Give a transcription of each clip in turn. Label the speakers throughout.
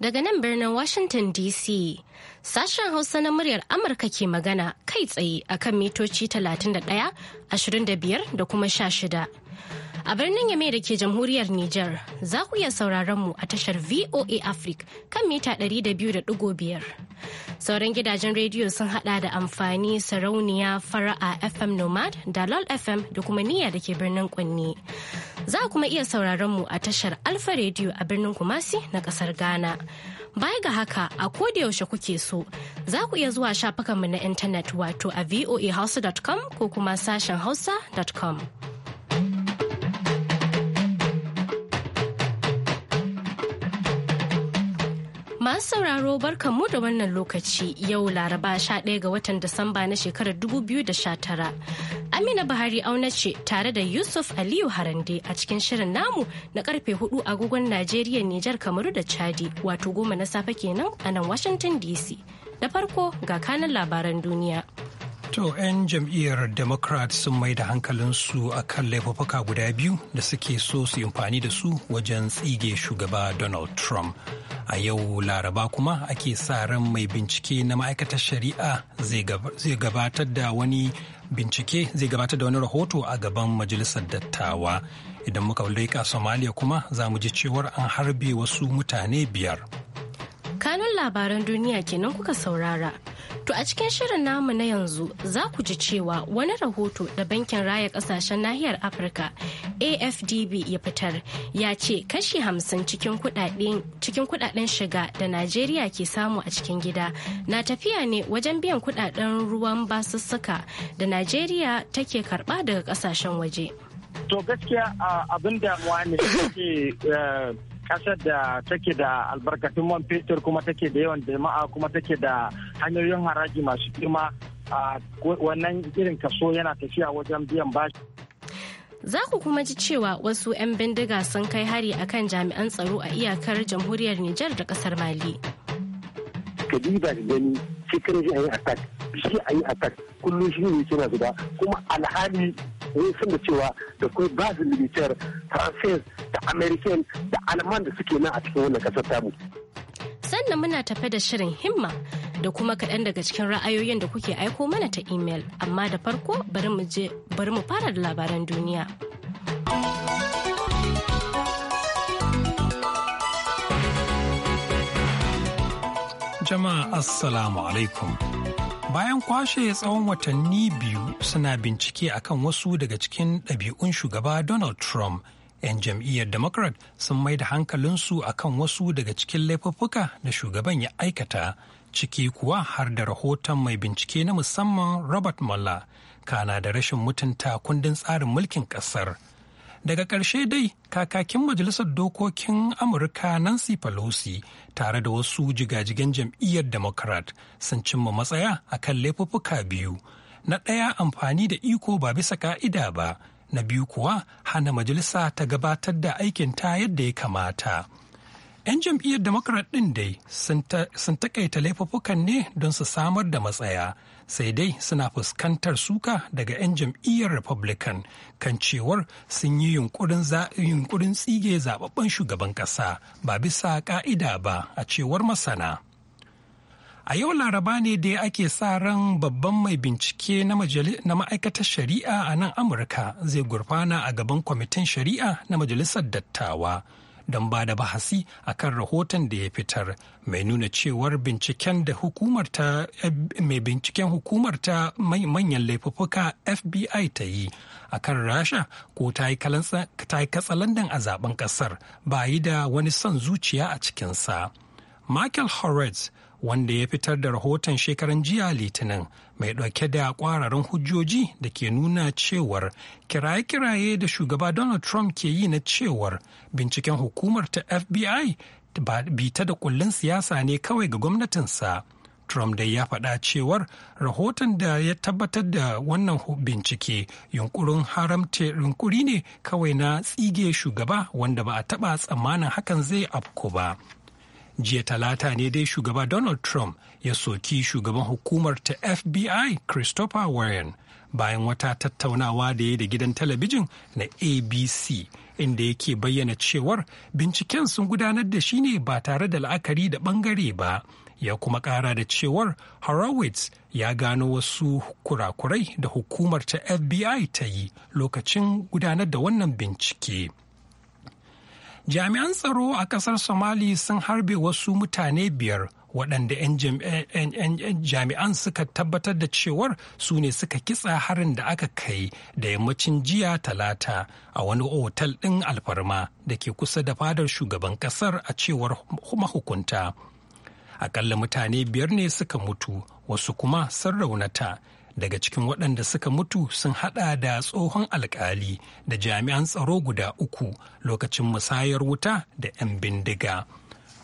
Speaker 1: daga nan birnin Washington DC. Sashen Hausa na muryar Amurka ke magana kai tsaye akan mitoci 31, 25 da kuma 16. A birnin Yame da ke jamhuriyar Nijar za ku iya sauraron mu a tashar VOA Africa kan mita 200.5. Sauran gidajen rediyo sun hada da amfani sarauniya fara'a FM Nomad da LOL FM da kuma niyya da ke birnin kunni Za kuma iya sauraron mu a tashar Alfa Radio a birnin Kumasi na kasar Ghana. Baya ga haka a yaushe kuke so za ku iya zuwa shafukanmu na intanet wato a voahausa.com ko kuma sashen hausa.com. Masu sauraro mu da wannan lokaci yau Laraba 11 ga watan Disamba na shekarar 2019. Amina Buhari auna ce tare da Yusuf Aliyu Harande a cikin shirin namu na karfe 4 agogon Najeriya Nijar Kamaru da Chadi wato goma na safe kenan a nan Washington DC. na farko ga kanan labaran duniya.
Speaker 2: To 'yan jam'iyyar Democrat sun mai da hankalinsu a kan guda biyu da suke so su amfani da su wajen tsige shugaba Donald Trump. a yau laraba kuma ake sa ran mai bincike na ma'aikatar shari'a zai gabatar da wani bincike zai gabatar da wani rahoto a gaban majalisar dattawa idan muka leƙa somalia kuma za mu ji cewar an harbe wasu mutane biyar
Speaker 1: kanun labaran duniya kenan kuka saurara. To a cikin shirin namu na yanzu za ku ji cewa wani rahoto da bankin raya kasashen nahiyar Afirka AFDB ya fitar ya ce kashi hamsin cikin kudaden shiga da Najeriya ke samu a cikin gida na tafiya ne wajen biyan kudaden ruwan basussuka da Najeriya take karba daga kasashen waje.
Speaker 3: To gaskiya abin damuwa ne eh, kasar da take da albarkatun man fetur kuma take da yawan jama'a kuma take da hanyoyin haraji masu kima wannan irin kaso yana tafiya wajen biyan bashi.
Speaker 1: Za ku kuma ji cewa wasu 'yan bindiga sun kai hari a kan jami'an tsaro a iyakar jamhuriyar Nijar da kasar Mali.
Speaker 3: ba da gani cikin shi a yi attack, a kullum shi ne suna guda kuma alhali mun san da cewa da kuma basu militar francis da american da alman da suke nan a cikin wannan kasar tamu
Speaker 1: sannan muna tafe da shirin himma da kuma kaɗan daga cikin ra'ayoyin da kuke aiko mana ta imel amma da farko bari mu fara da labaran duniya
Speaker 2: jama'a assalamu alaikum bayan kwashe tsawon watanni biyu suna bincike akan wasu daga cikin ɗabi'un shugaba donald trump 'yan jam'iyyar democrat sun mai da hankalinsu akan wasu daga cikin laifuffuka da shugaban ya aikata ciki kuwa har da rahoton mai bincike na musamman robert mueller kana da rashin mutunta kundin tsarin mulkin ƙasar. daga ƙarshe dai kakakin majalisar dokokin amurka nancy pelosi tare da wasu jigajigan jam'iyyar democrat sun cimma matsaya a kan laifuffuka biyu na ɗaya amfani da iko ba bisa ka'ida ba na biyu kuwa hana majalisa ta gabatar da aikin ta yadda ya kamata 'yan jam'iyyar democrat ɗin dai sun takaita laifuffukan ne don su samar da matsaya sai dai suna fuskantar suka daga 'yan jam'iyyar republican kan cewar sun yi yunkurin tsige zababben shugaban ƙasa ba bisa ƙa'ida ba a cewar masana a yau laraba ne da ake sa ran babban mai bincike na ma'aikatar shari'a a nan amurka zai gurfana a gaban kwamitin shari'a na majalisar dattawa don ba da bahasi a kan rahoton da ya fitar mai nuna cewar binciken da hukumar ta mai binciken hukumar ta manyan laifuka FBI ta yi a kan rasha ko ta yi katsalandan a zaben kasar ba yi da wani son zuciya a cikinsa. Michael Horetz wanda ya fitar da rahoton shekaran jiya litinin mai ɗauke da kwararan hujjoji da ke nuna cewar kiraye-kiraye da shugaba donald trump ke yi na cewar binciken hukumar ta fbi bita da kullun siyasa ne kawai ga gwamnatinsa trump dai ya faɗa cewar rahoton da ya tabbatar da wannan bincike yunkurin haramta yunkuri ne kawai na tsige shugaba wanda ba a taɓa tsammanin hakan zai afku ba jiya talata ne dai shugaba donald trump ya soki shugaban hukumar ta fbi christopher warren bayan wata tattaunawa da ya da gidan talabijin na abc inda yake bayyana cewar binciken sun gudanar da shi ne ba tare da la'akari da bangare ba ya kuma kara da cewar horowitz ya gano wasu kurakurai da hukumar ta fbi ta yi lokacin gudanar da wannan bincike. jami'an tsaro a kasar somali sun harbe wasu mutane biyar waɗanda 'yan jami'an suka tabbatar da cewar su ne suka kitsa harin da aka kai da yammacin jiya talata a wani otal ɗin alfarma da ke kusa da fadar shugaban ƙasar a cewar mahukunta akalla mutane biyar ne suka mutu wasu kuma sun raunata daga cikin waɗanda suka mutu sun haɗa da tsohon alkali da jami'an tsaro guda uku lokacin musayar wuta da 'yan bindiga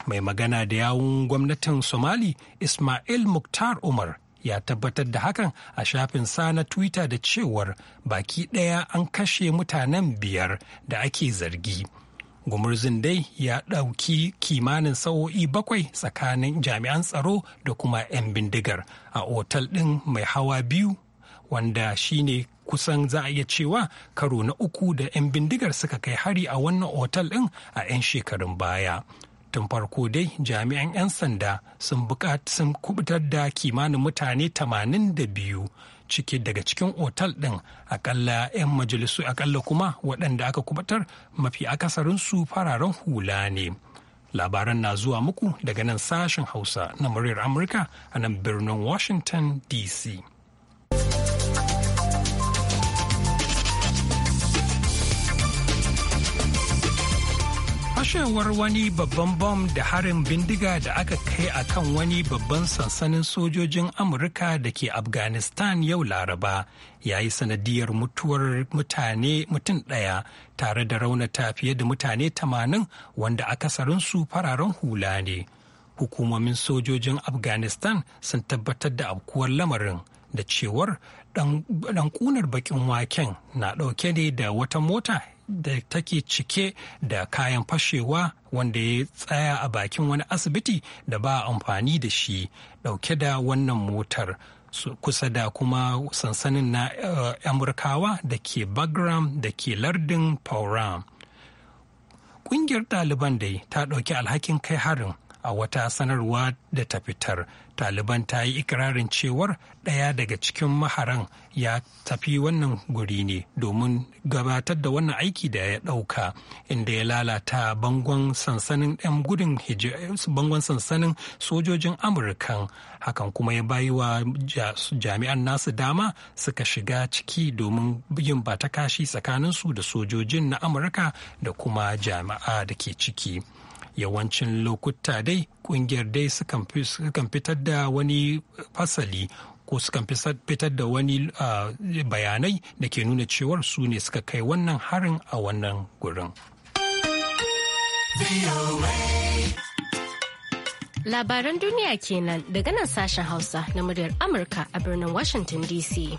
Speaker 2: mai magana da yawun gwamnatin somali ismail muktar umar ya tabbatar da hakan a shafin sa na twitter da cewar baki ɗaya an kashe mutanen biyar da ake zargi. gumurzin dai ya ɗauki kimanin sa'o'i bakwai tsakanin jami'an tsaro da kuma 'yan bindigar a otal ɗin mai hawa biyu wanda shine kusan za a iya cewa karo na uku da 'yan bindigar suka kai hari a wannan otal ɗin a 'yan shekarun baya tun farko dai jami'an 'yan sanda sun kubutar da kimanin mutane 82 ciki daga cikin otal ɗin akalla 'yan majalisu akalla kuma waɗanda aka kubatar mafi akasarin su fararen hula ne labaran na zuwa muku daga nan sashen hausa na muryar amurka a nan birnin washington dc fashewar wani babban bom da harin bindiga da aka kai a kan wani babban sansanin sojojin amurka da ke afghanistan yau laraba ya yi sanadiyar mutuwar mutane mutum ɗaya tare da raunata fiye da mutane 80 wanda akasarinsu fararen hula ne hukumomin sojojin afghanistan sun tabbatar da abkuwar lamarin da cewar ɗan kunar bakin waken na ɗauke ne da wata mota da take cike da kayan fashewa wanda ya tsaya a bakin wani asibiti da ba amfani da shi dauke da wannan motar kusa da kuma sansanin na eh, amurkawa da ke bagram da ke lardin pauram ƙungiyar ɗaliban dai ta ɗauki alhakin kai harin a wata sanarwa da ta fitar taliban ta yi ikirarin cewar ɗaya daga cikin maharan ya tafi wannan guri ne domin gabatar da wannan aiki da ya ɗauka inda ya lalata bangon sansanin 'yan gudun bangon sansanin sojojin Amurka, hakan kuma ya bayi wa jami'an nasu dama suka shiga ciki domin yin ba ta kashi tsakaninsu da sojojin na amurka da kuma jami'a da ke ciki yawancin lokuta dai kungiyar dai sukan fitar da wani fasali ko sukan fitar da wani bayanai da ke nuna cewar su ne suka kai wannan harin a wannan gurin.
Speaker 1: Labaran duniya kenan daga nan sashen Hausa na muryar Amurka a birnin Washington DC.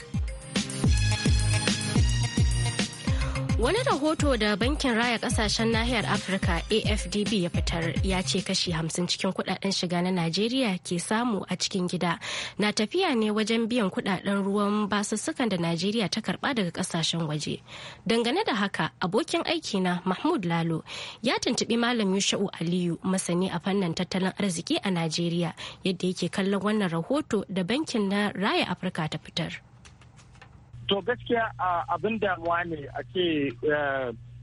Speaker 1: Wani rahoto da Bankin Raya Kasashen Nahiyar Afirka AFDB ya fitar ya ce kashi hamsin cikin kudaden shiga na Najeriya ke samu a cikin gida na tafiya ne wajen biyan kudaden ruwan basussukan da Najeriya ta karba daga kasashen waje. Dangane da haka, abokin aikina Mahmud Lalo ya tuntubi Malam Yusha'u Aliyu masani a fannin tattalin arziki a Najeriya yadda yake kallon wannan rahoto da Bankin na Raya Afirka ta fitar.
Speaker 3: to gaskiya abin damuwa ne a ce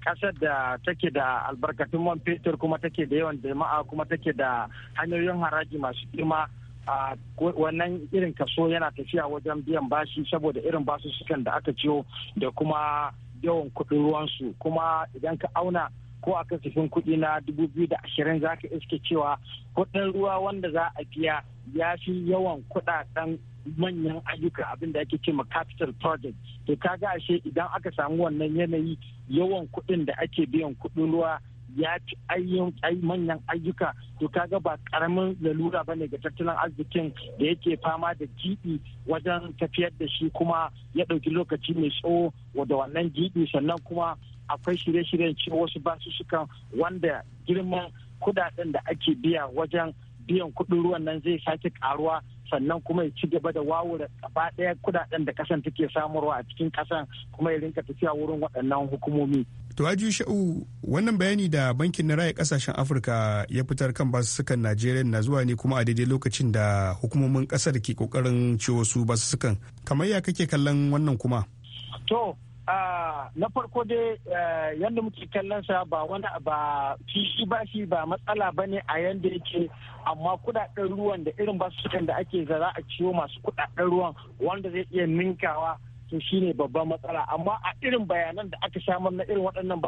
Speaker 3: kasar eh, da take da albarkatun man fetur kuma take da yawan jama'a kuma take da hanyoyin haraji masu girma a wannan irin kaso yana tafiya wajen biyan bashi saboda irin basussukan da aka ciyo da kuma yawan kuɗin ruwansu kuma idan ka auna ko a kasafin kuɗi na dubu biyu da ashirin za ka iske cewa kuɗin ruwa wanda za a biya ya fi yawan kuɗaɗen manyan ayyuka abin da ake cewa capital project to kaga ashe idan aka samu wannan yanayi yawan kuɗin da ake biyan kuɗin ruwa ya fi manyan ayyuka to kaga ba karamin lalura ba ne ga tattalin arzikin da yake fama da gidi wajen tafiyar da shi kuma ya ɗauki lokaci mai tsawo da wannan gidi sannan kuma akwai shirye-shiryen ce wasu basussukan wanda girman kudaden da ake biya wajen biyan kuɗin ruwan nan zai sake karuwa sannan kuma ya ci gaba da wawura gaba ɗaya kudaden da kasan take samarwa a cikin kasan kuma ya rinka tafiya wurin waɗannan hukumomi.
Speaker 2: To Haji Sha'u wannan bayani da bankin na raya kasashen Afirka ya fitar kan basussukan Najeriya na zuwa ne kuma a daidai lokacin da hukumomin kasar ke kokarin ciwo su basussukan. Kamar ya kake kallon wannan kuma?
Speaker 3: To na farko dai eh, yadda muke kallonsa sa ba wani ba fishi ba shi ba matsala ba ne a yadda yake amma kudaden ruwan da irin su da ake zara a ciwo masu kudaden ruwan wanda zai iya ninkawa to shine babban matsala amma a irin bayanan da aka samar na irin waɗannan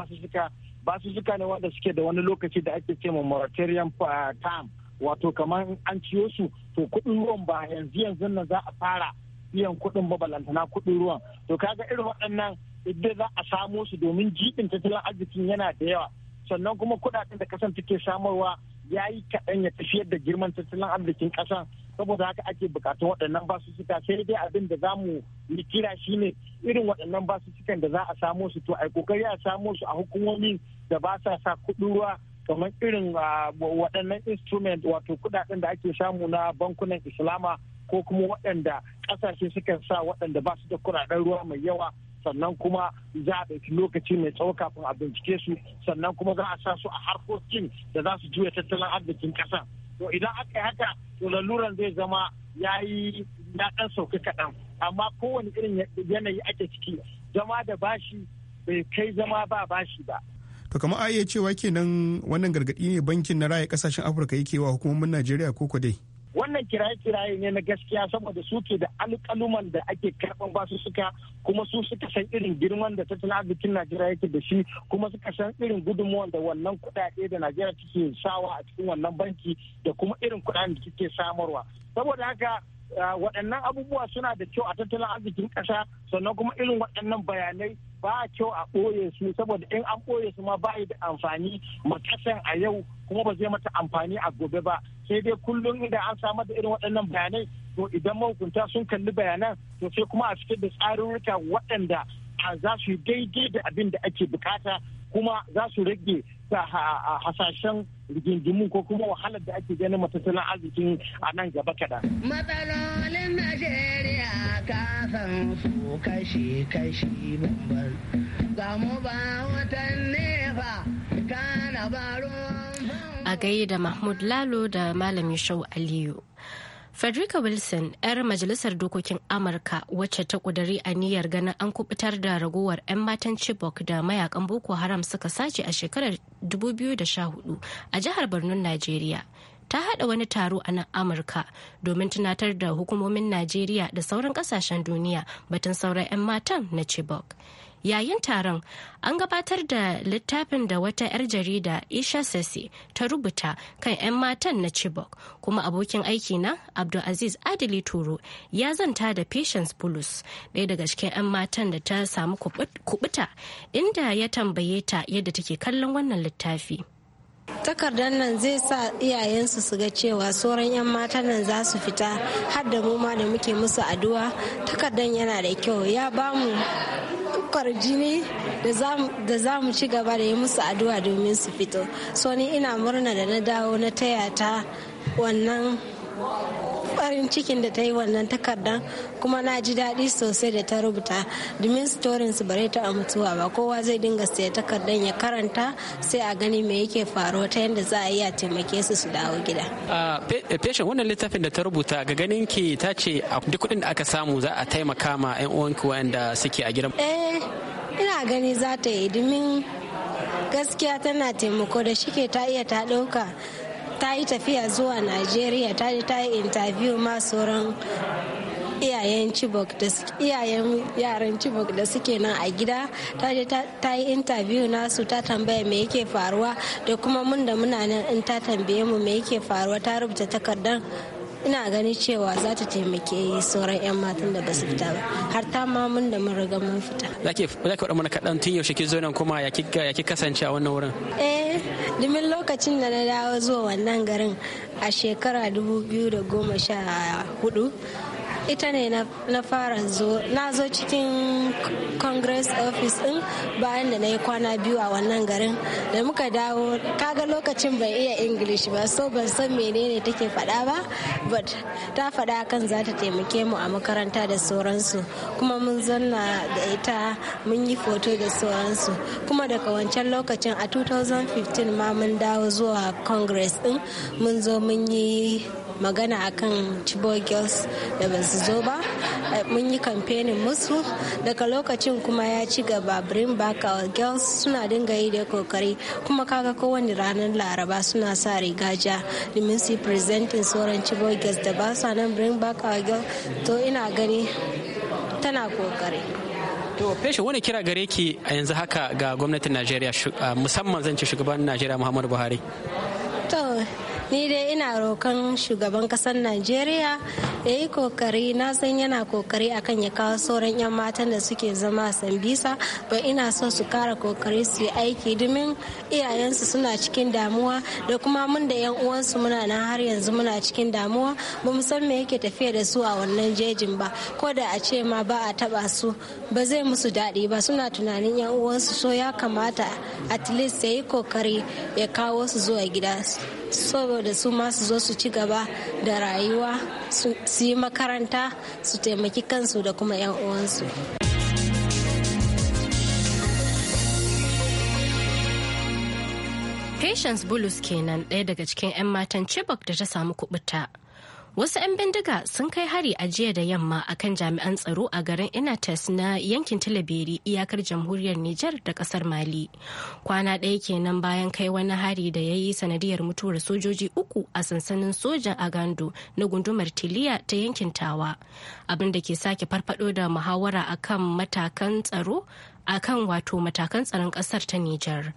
Speaker 3: su suka ne wanda suke da wani lokaci da ake ce ma moratorium eh, time wato kamar an ciyo su to kuɗin ruwan ba yanzu yanzu nan za a fara biyan kuɗin mabalantana kuɗin ruwan to kaga irin waɗannan idan za a samo su domin jibin tattalin arzikin yana da yawa sannan kuma kuɗaɗen da kasan take samarwa ya yi kaɗan ya tafiyar da girman tattalin arzikin ƙasan saboda haka ake bukatun waɗannan basussuka sai dai abin da za mu yi kira shine irin waɗannan basussukan da za a samo su to ai kokari a samo su a hukumomi da ba sa sa kuɗin ruwa kamar irin ah, waɗannan instrument wato kuɗaɗen da ake samu na bankunan islama ko kuma waɗanda ƙasashe suka sa waɗanda ba su da kuraɗen ruwa mai yawa sannan kuma za a ɗauki lokaci mai tsawo kafin a bincike su sannan kuma za a sa su a harkokin da za su juya tattalin arzikin ƙasa to idan aka yi haka to laluran zai zama ya yi ya ɗan sauka kaɗan amma kowane irin yanayi ake ciki zama da bashi bai kai zama ba bashi ba
Speaker 2: to kamar a iya cewa kenan wannan gargaɗi ne bankin na raya ƙasashen afirka yake wa hukumomin najeriya ko dai
Speaker 3: wannan kiraye-kiraye ne na gaskiya saboda suke da alƙaluman da ake karɓan basu suka kuma su suka san irin girman da tattalin arzikin najeriya yake da shi kuma suka san irin gudunmuwan da wannan kuɗaɗe da najeriya suke sawa a cikin wannan banki da kuma irin kuɗaɗen da suke samarwa saboda haka Ah, waɗannan abubuwa suna da kyau a tattalin arzikin ƙasa sannan kuma irin waɗannan bayanai ba a kyau a ɓoye su saboda in an ɓoye su ma ba da amfani ma ƙasan a yau kuma ba zai mata amfani a gobe ba sai dai kullum idan an samar da irin waɗannan bayanai to idan mahukunta sun kalli bayanan to sai kuma a fitar da tsarurruka waɗanda ah, za su yi daidai da abin da ake bukata kuma za su rage hasashen rigingimu ko kuma wahalar da ake ganin matattalin arzikin a nan gaba kaɗan. Matsalolin Najeriya kafin su kashi-kashi bambar. Ga mu ba watan nefa kana baro. A
Speaker 1: gaida Mahmud Lalo da Malam Shau Aliyu. Frederica Wilson, 'yar majalisar dokokin Amurka wacce ta kudari niyyar ganin an kubutar da ragowar 'yan matan Chibok da mayakan Boko Haram suka sace a shekarar 2014 a jihar Borno, Najeriya. Ta haɗa wani taro a nan Amurka domin tunatar da hukumomin Najeriya da sauran ƙasashen duniya batun sauran 'yan matan na Chibok. yayin taron an gabatar da littafin da wata 'yar jarida isha ta rubuta kan 'yan matan na chibok kuma abokin aikina abdulaziz adili turo ya zanta da patience bulus ɗaya daga cikin 'yan matan da ta samu kubuta inda ya tambaye ta yadda take kallon wannan littafi
Speaker 4: takardar nan zai sa iyayensu su ga cewa sauran 'yan matan nan za su fita har da mu ma da muke musu addu'a takardar yana da kyau ya bamu jini da za mu ci gaba da yi musu addu'a domin su fito so ni ina murna da na dawo na taya ta wannan farin cikin da ta yi wannan takardan kuma na ji daɗi sosai da ta rubuta domin storin su bare ta mutuwa ba kowa zai dinga saya takardar ya karanta sai a gani me yake faruwa ta yadda za a iya taimake su su dawo gida.
Speaker 5: Feshin eh, wannan littafin da ta rubuta ga ganin ki ta ce duk kuɗin da aka samu za a taimaka ma 'yan uwanki wanda suke a gidan.
Speaker 4: Eh, ina gani za ta yi domin gaskiya tana taimako da shike ta iya ta ɗauka ta yi tafiya zuwa najeriya ta yi ta yi interview ma sauran iyayen chibok da iyayen yaran chibok da suke nan a gida ta je ta yi interview nasu ta tambaya me yake faruwa da kuma mun da muna nan in ta tambaye mu me yake faruwa ta rubuta takardar ina gani cewa za ta taimake sauran 'yan matan da ba fita ba har ta ma mun da mun riga mun fita
Speaker 5: za ki faɗa mana kaɗan tun yaushe ki zo nan kuma ya ki kasance a wannan wurin
Speaker 4: eh domin lokacin da na dawo zuwa wannan garin a shekara dubu da goma 2014 ita ne na fara zo na zo cikin congress office din bayan da na yi kwana biyu a wannan garin da muka dawo kaga lokacin bai iya english ba so ban san menene take faɗa ba but ta faɗa kan za ta taimake mu a makaranta da sauransu kuma mun zanna da ita mun yi foto da sauransu kuma daga wancan lokacin a 2015 ma mun dawo zuwa congress din mun zo mun yi magana akan chibok girls da ban su zo ba eh, mun yi kamfenin musu daga lokacin kuma ya ci gaba bring back our girls suna dinga yi da kokari kuma kaga kowane ranar laraba suna sa riga ja domin su presenting sauran cibo girls da ba sa nan bring back our girls to ina gani tana kokari
Speaker 5: To feshe wani kira gare ki a yanzu haka ga gwamnatin Najeriya musamman zan shugaban Najeriya Muhammadu Buhari.
Speaker 4: To ni dai ina rokan shugaban kasar najeriya ya yi kokari na san yana kokari akan ya kawo sauran 'yan matan da suke zama sambisa ba ina so su kara kokari su yi aiki domin iyayensu suna cikin damuwa da kuma mun da 'yan uwansu muna na har yanzu muna cikin damuwa ba mu san me yake tafiya da su a wannan jejin ba ko da a ce ma ba a taba su ba zai musu daɗi ba suna tunanin 'yan uwansu so ya kamata at least ya yi kokari ya kawo su zuwa gida saboda su masu zo su ci gaba da rayuwa su yi makaranta su taimaki kansu da kuma 'yan uwansu. Patience Bulus kenan ɗaya
Speaker 1: daga cikin 'yan matan Chibok da ta samu kubuta. Wasu 'yan bindiga sun kai hari a jiya da yamma a kan jami'an tsaro a garin Inates na yankin Tilaberi iyakar jamhuriyar Nijar da kasar Mali. Kwana ɗaya kenan bayan kai wani hari da ya yi sanadiyar mutuwar sojoji uku a sansanin sojan a Gando na gundumar Tiliya ta yankin Tawa. Abin da ke sake farfado da muhawara a kan matakan tsaro a kan wato matakan tsaron kasar ta Nijar.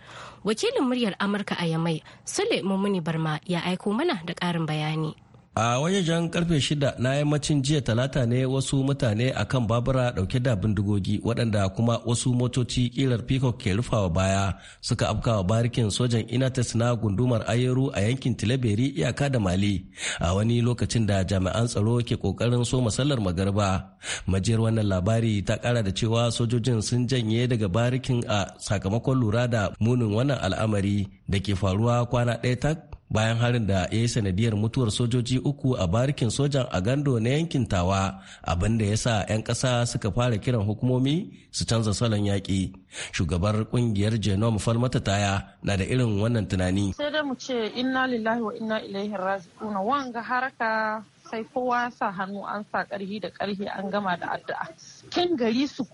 Speaker 1: Wakilin muryar Amurka a Yamai, Sule Mumuni Barma ya aiko mana da ƙarin bayani.
Speaker 6: a wajejen karfe shida na yammacin jiya talata ne wasu mutane a kan babura dauke da bindigogi waɗanda kuma wasu motoci kilar peacock ke rufawa baya suka afkawa barikin sojan inates na gundumar ayeru a yankin tilaberi iyaka da mali a wani lokacin da jami'an tsaro ke kokarin so masallar magarba majiyar wannan labari ta kara da cewa sojojin sun janye daga barikin a sakamakon lura da munin wannan al'amari da ke faruwa kwana ɗaya tak bayan harin da ya yi sanadiyar mutuwar sojoji uku a barikin sojan a gando na yankin tawa abin da ya sa 'yan ƙasa suka fara kiran hukumomi su canza salon yaƙi shugabar kungiyar genome falmata taya na da irin wannan tunani
Speaker 7: sai dai mu ce inna lillahi wa inna ilaihi raji'un wanga haraka sai kowa sa hannu an sa ƙarfi da ƙarfi an gama da addu'a kin gari su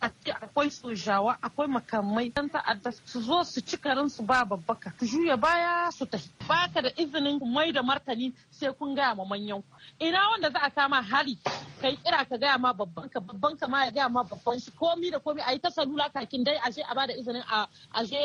Speaker 7: akwai sojawa akwai makamai dan ta'adda su zo su ci karin su ba babbaka su juya baya su tafi baka da izinin mai da martani sai kun gaya ma manyan ku ina wanda za a kama hari kai kira ka gaya ma babban ka babban ka ma ya gaya ma babban shi komi da komi ayi ta salula kakin
Speaker 8: dai ashe a bada izinin a je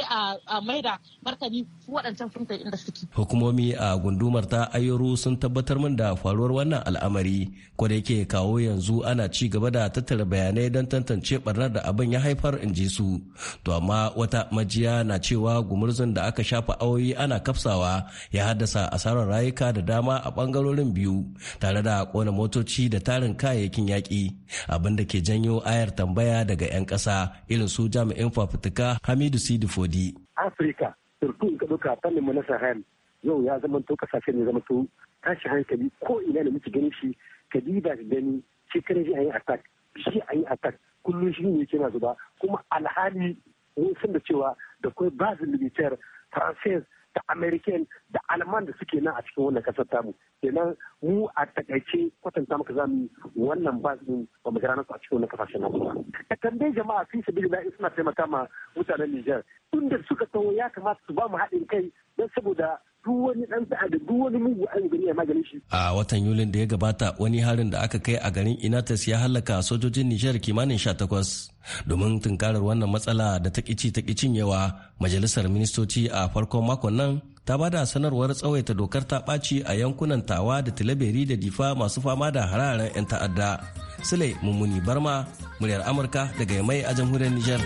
Speaker 8: a mai da martani su waɗancan sun kai inda suke.
Speaker 6: Hukumomi a gundumar ta ayyuru sun tabbatar min da faruwar wannan al'amari ko da yake kawo yanzu ana ci gaba da tattara bayanai don tantance barna barnar da abin ya haifar in ji su to amma wata majiya na cewa gumurzun da aka shafa awoyi ana kafsawa ya haddasa asarar rayuka da dama a bangarorin biyu tare da kona motoci da tarin kayayyakin yaki abin da ke janyo ayar tambaya daga 'yan ƙasa irin su jami'in fafutuka hamidu sidi fodi
Speaker 3: afirka surtu ka ɗauka fannin manasa na yau ya zama to kasashe ne zama to tashi hankali ko ina da muke gani shi kadiba da gani kare shi an yi attack shi a yi attack kullum shi ne kira zuba zuba kuma alhali mun san da cewa da kwai bazin militaire francais da american da alman da suke nan a cikin wannan kasar tamu kenan mu a takaice kwatanta maka zamu wannan bazin ba mu gana a cikin wannan kasashen nan kuma ka tambaye jama'a sun sabi da suna taimaka ma mutanen Niger tun da suka tsawo ya kamata su ba mu haɗin kai don saboda duk wani dan sa'a da duk wani mugu an gani a maganin shi.
Speaker 6: A watan Yulin da ya gabata wani harin da aka kai a garin Inatas ya halaka sojojin Nijar kimanin sha takwas. Domin tunkarar wannan matsala da ta ƙici ta yawa majalisar ministoci a farkon makon nan ta bada sanarwar tsawaita dokar ta ɓaci a yankunan tawa da tilaberi da difa masu fama da hararen 'yan ta'adda. Sule Mummuni Barma, muryar Amurka daga Yamai a jamhuriyar Nijar.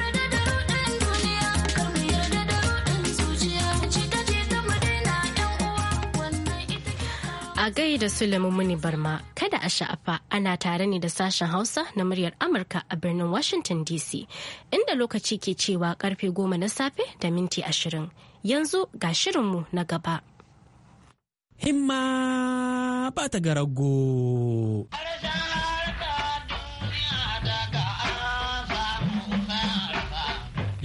Speaker 1: A da Sulaiman Muni Barma, kada a sha'afa ana tare ne da sashen Hausa na muryar Amurka a birnin Washington DC, inda lokaci ke cewa karfe goma na safe da minti ashirin. Yanzu ga shirinmu na gaba.
Speaker 5: Himma ba ta garago.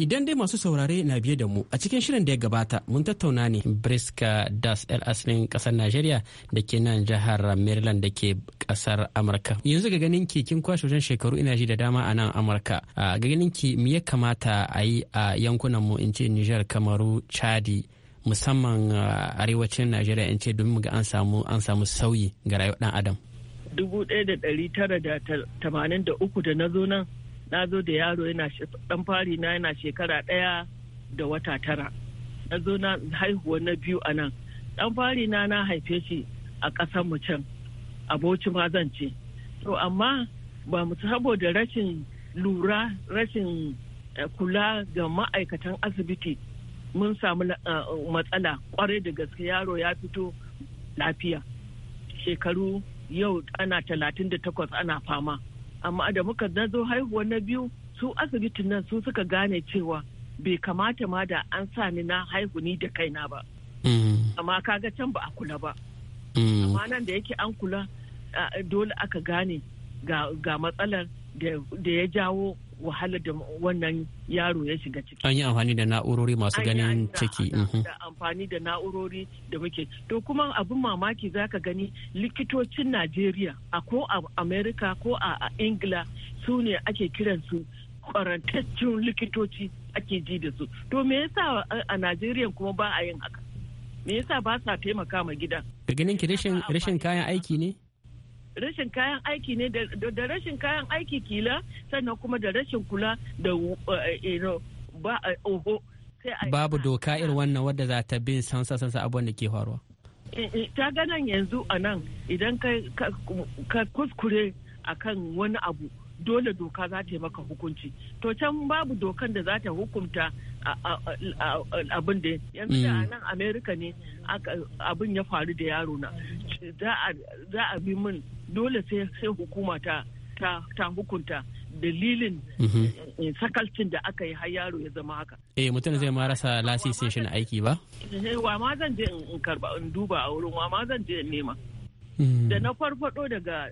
Speaker 5: Idan dai masu saurare na biye da mu a cikin shirin da ya gabata mun tattauna ne Briska Das El asirin kasar nigeria da ke nan jihar Maryland da ke kasar Amurka. Yanzu ga ganin ki kin kwashe wajen shekaru ina ji da dama a nan Amurka. Ga ganin ki me ya kamata a yi a yankunan mu in ce niger Kamaru, Chadi musamman arewacin nigeria in ce domin ga an samu an samu sauyi ga rayuwar dan Adam.
Speaker 7: Dubu ɗaya da ɗari tara da tamanin da uku da na zo nan na zo da yaro yana dan fari na yana shekara ɗaya da wata tara na zo na haihuwa na biyu a nan dan fari na na haife shi a ƙasar mu can aboci ma zan ce to amma ba mu saboda rashin lura rashin eh, kula ga ma'aikatan asibiti mun samu eh, matsala kwarai da gaske yaro ya fito lafiya shekaru yau ana talatin da takwas ana fama amma da muka na zo haihuwa na biyu su asibitin nan su suka gane cewa bai kamata ma da an sa ni na haihu ni da kaina ba mm. amma kaga can ba a kula ba mm. amma nan da yake an kula dole aka gane ga matsalar da ya jawo wahala da wannan yaro ya shiga ciki
Speaker 5: an yi amfani da na'urori masu ganin ciki da mhm.
Speaker 7: amfani da na'urori da muke to kuma abin mamaki za ka gani likitocin najeriya a ko a amerika ko a ingila su ne ake kiransu kwarantaccen likitoci ake ji da su to me yasa a najeriya kuma ba a yin haka me yasa ba sa taimaka ma gida
Speaker 5: ga ganin ki rashin kayan aiki ne
Speaker 7: rashin kayan aiki ne da rashin kayan aiki kila sannan kuma da rashin kula da uh, ba uh, oho
Speaker 5: babu doka irin wannan wadda za ta bin sansa sansa abuwan da ke faruwa
Speaker 7: eh, eh, ta ganan yanzu a nan idan ka kuskure a kan wani abu dole doka za ta yi maka hukunci to can babu dokan da za ta hukunta abin da yanzu da mm. nan amerika ne abin ya faru da yaro na za a bi min dole sai hukuma ta ta hukunta dalilin mhm. eh, eh, sakalcin da aka yi har yaro ya zama haka.
Speaker 5: Eh mutum zai ma rasa lasisin shi na aiki ba?
Speaker 7: Eh, wa ma zan je in karba in duba a wurin wa ma zan je in nema. Mm. Da na farfado daga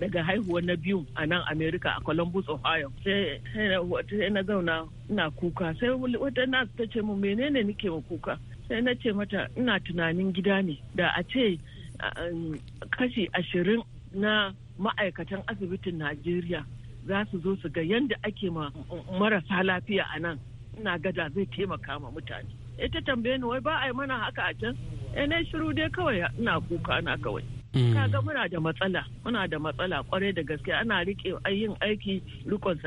Speaker 7: daga haihuwa na biyu a nan america a columbus ohio sai na zauna ina kuka sai wata na ta ce mu menene nike wa kuka sai na ce mata ina tunanin gida ne da a ce um, kashi ashirin na ma'aikatan asibitin najeriya za su zo su ga yadda ake ma marasa lafiya a nan ina gada zai taimaka ma mutane ita tambaye ni wai ba a yi mana haka a can eh, ne shiru dai kawai ina kuka na kawai Mm. kaga muna da matsala muna da matsala kwarai da gaske ana rike yin aiki rikon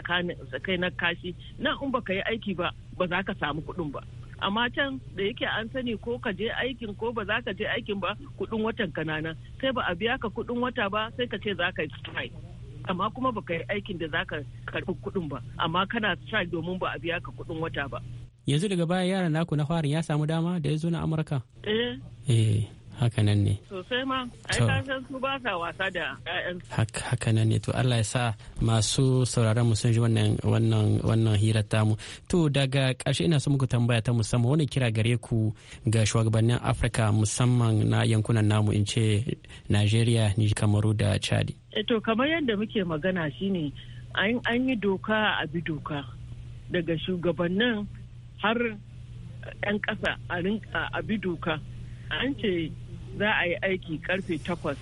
Speaker 7: sakai na kashi na in baka yi aiki ba ba za ka samu kuɗin ba amma can da yake an sani ko ka je aikin ko ba za ka je aikin ba kuɗin watan kanana sai ba a biya ka kuɗin wata ba sai ka ce za ka yi strike amma kuma baka yi aikin da za ka karɓi kuɗin ba amma kana strike domin ba a biya ka kuɗin wata ba
Speaker 5: yanzu daga baya yaran naku na farin ya samu dama da ya zo na amurka eh eh hakanan ne sosai ma ai
Speaker 7: su ba sa wasa da ƴaƴan
Speaker 5: hakanan ne to Allah ya sa masu sauraron mu sun ji wannan wannan hirar tamu to daga ƙarshe ina so muku tambaya ta musamman wani kira gare ku ga shugabannin Afirka musamman na yankunan namu in ce Najeriya ni Kamaru da Chadi
Speaker 7: eh, to kamar yadda muke magana shine an yi doka a bi doka daga shugabannin har 'yan ƙasa a bi doka an ce za a yi aiki karfe takwas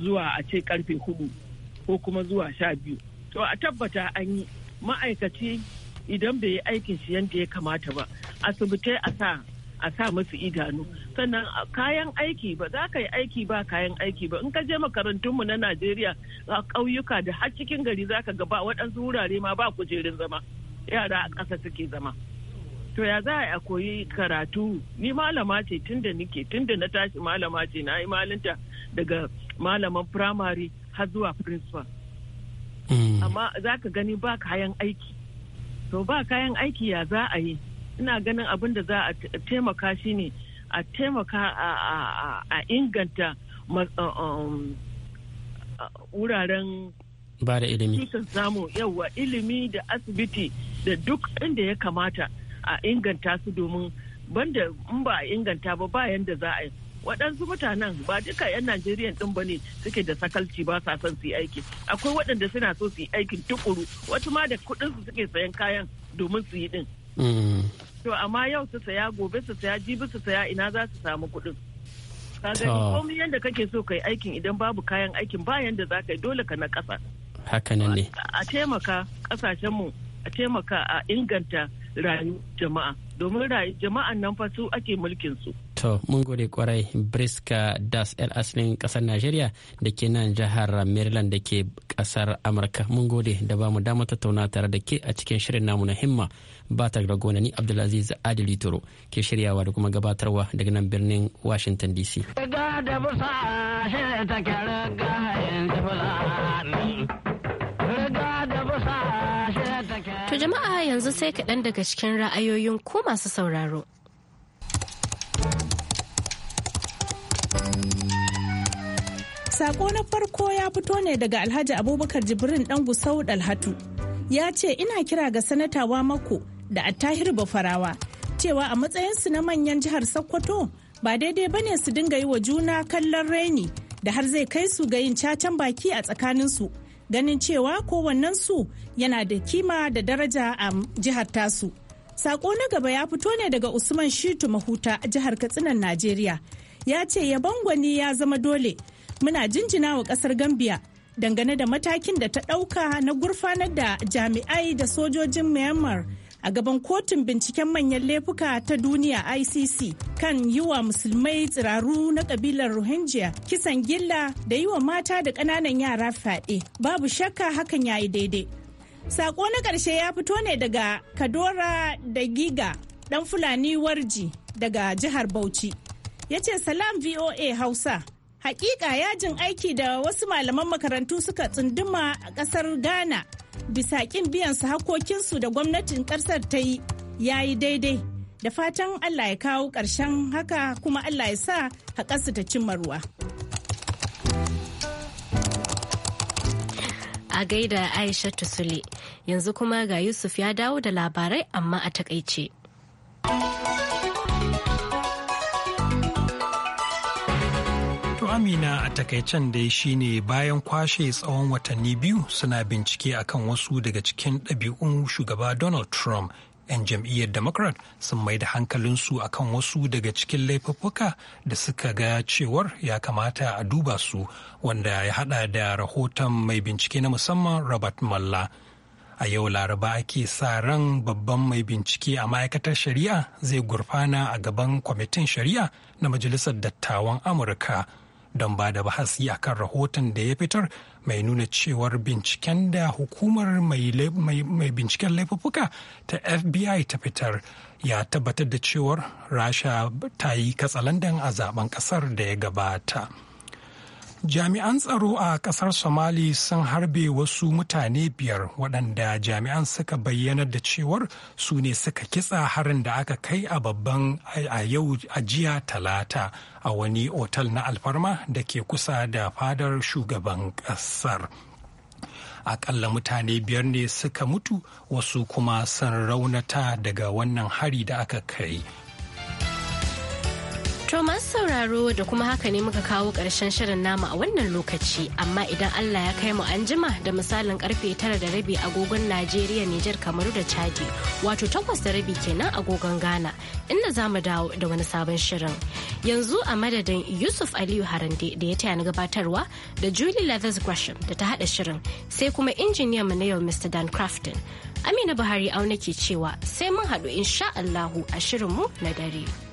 Speaker 7: zuwa a ce karfe hudu ko kuma zuwa sha biyu to a tabbata an yi ma'aikaci idan bai yi aikin shi yadda ya kamata ba asibitai a sa a sa masu idanu sannan kayan aiki ba za ka yi aiki ba kayan aiki ba in ka je makarantunmu na najeriya a ƙauyuka da har cikin gari za ka ga ba waɗansu wurare ma ba kujerun zama yara a ƙasa suke zama to ya za a koyi karatu ni malama ce tun da nike tun da na tashi malama ce na yi malinta daga malaman firamare har zuwa principal hmm. amma za ka gani ba kayan aiki to ba kayan aiki ya za a yi ina ganin abin da za a taimaka shi ne a taimaka a inganta um, wuraren
Speaker 5: ba da ilimi
Speaker 7: samu yawa ilimi da asibiti da duk inda ya kamata a inganta su domin banda in ba a inganta ba ba yanda za a yi waɗansu mutanen ba duka 'yan najeriya ɗin ba ne suke da sakalci ba sa son su aiki akwai waɗanda suna so suyi yi aikin tukuru wasu ma da kuɗin su suke sayan kayan domin su yi ɗin mm. to amma yau su saya gobe su saya jibi su saya ina za su samu kuɗin ka gani komai yadda kake so ka yi aikin idan babu kayan aikin ba yanda za ka yi dole ka na ƙasa haka ne a taimaka ƙasashenmu a taimaka a inganta rayu jama'a domin jama'an nan fa su ake mulkin su
Speaker 5: to mun gode kwarai briska das el asalin kasar najeriya da ke nan jihar maryland da ke kasar amurka mun gode da ba mu damar tattauna tare da ke a cikin shirin namu na himma ba ta ragona ni abdulaziz adili toro ke shiryawa da kuma gabatarwa daga nan birnin washington dc
Speaker 3: yanzu
Speaker 1: sai kaɗan daga cikin ra'ayoyin ku masu sauraro.
Speaker 8: Sako na farko ya fito ne daga Alhaji Abubakar Jibrin ɗan Gusau Dalhatu. Ya ce ina kira ga sanatawa mako da attahir bafarawa cewa a matsayinsu na manyan jihar Sokoto ba daidai ba ne su dinga yi wa juna kallon raini da har zai kai su ga yin cacan baki a tsakaninsu ganin cewa su yana da kima da daraja a jihar tasu. Sako na gaba ya fito ne daga Usman Shitu Mahuta a jihar Katsinan Najeriya. Ya ce ya gwani ya zama dole. Muna jinjina wa kasar Gambia dangane da matakin da ta ɗauka na gurfanar da jami'ai da sojojin Myanmar a gaban kotun binciken manyan laifuka ta duniya icc kan yi wa musulmai tsiraru na kabilar rohingya kisan gilla da yi wa mata da ƙananan yara fyaɗe babu shakka hakan ya yi daidai Saƙo na ƙarshe ya fito ne daga kadora da giga ɗan fulani warji daga jihar bauchi ya ce salam voa hausa Hakika yajin aiki da wasu malaman makarantu suka tsunduma a kasar Ghana bisa kin biyan su hakokinsu da gwamnatin kasar ta yi ya yi daidai. Da fatan Allah ya kawo ƙarshen haka kuma Allah ya sa haƙarsu ta cimma ruwa.
Speaker 1: A gaida Aisha tusuli yanzu kuma ga Yusuf ya dawo da labarai amma a takaice.
Speaker 2: Amina a takaicen dai ne bayan kwashe tsawon watanni biyu suna bincike akan wasu daga cikin ɗabi'un shugaba Donald Trump 'yan jam'iyyar democrat sun mai da hankalinsu akan wasu daga cikin laifuffuka da suka ga cewar ya kamata a duba su wanda ya hada da rahoton mai bincike na musamman robert malla a yau laraba ake sa ran babban mai bincike a ma'aikatar shari'a zai gurfana a gaban kwamitin shari'a na majalisar dattawan amurka don ba da bahasi kan rahoton da ya fitar mai nuna cewar binciken da hukumar mai binciken laifuffuka ta fbi ta fitar ya tabbatar da cewar rasha ta yi katsalandan a zaben kasar da ya gabata. Jami'an tsaro a kasar Somali sun harbe wasu mutane biyar waɗanda jami'an suka bayyanar da cewar su ne suka kitsa harin da aka kai a babban a yau ajiya talata a wani otal na alfarma da ke kusa da fadar shugaban ƙasar. akalla mutane biyar ne suka mutu wasu kuma sun raunata daga wannan hari da aka kai.
Speaker 1: Thomas sauraro da kuma haka ne muka kawo ƙarshen shirin namu a wannan lokaci amma idan Allah ya kai mu an jima da misalin karfe tara da rabi agogon Najeriya Nijar Kamaru da Chadi wato takwas da rabi kenan agogon Ghana inda za mu dawo da wani sabon shirin. Yanzu a madadin Yusuf Aliyu Harande da ya taya na gabatarwa da Julie Leathers Gresham da ta hada shirin sai kuma injiniyar mu na yau Mr. Dan Crafton. Amina Buhari auna ke cewa sai mun haɗu insha Allahu a shirin mu na dare.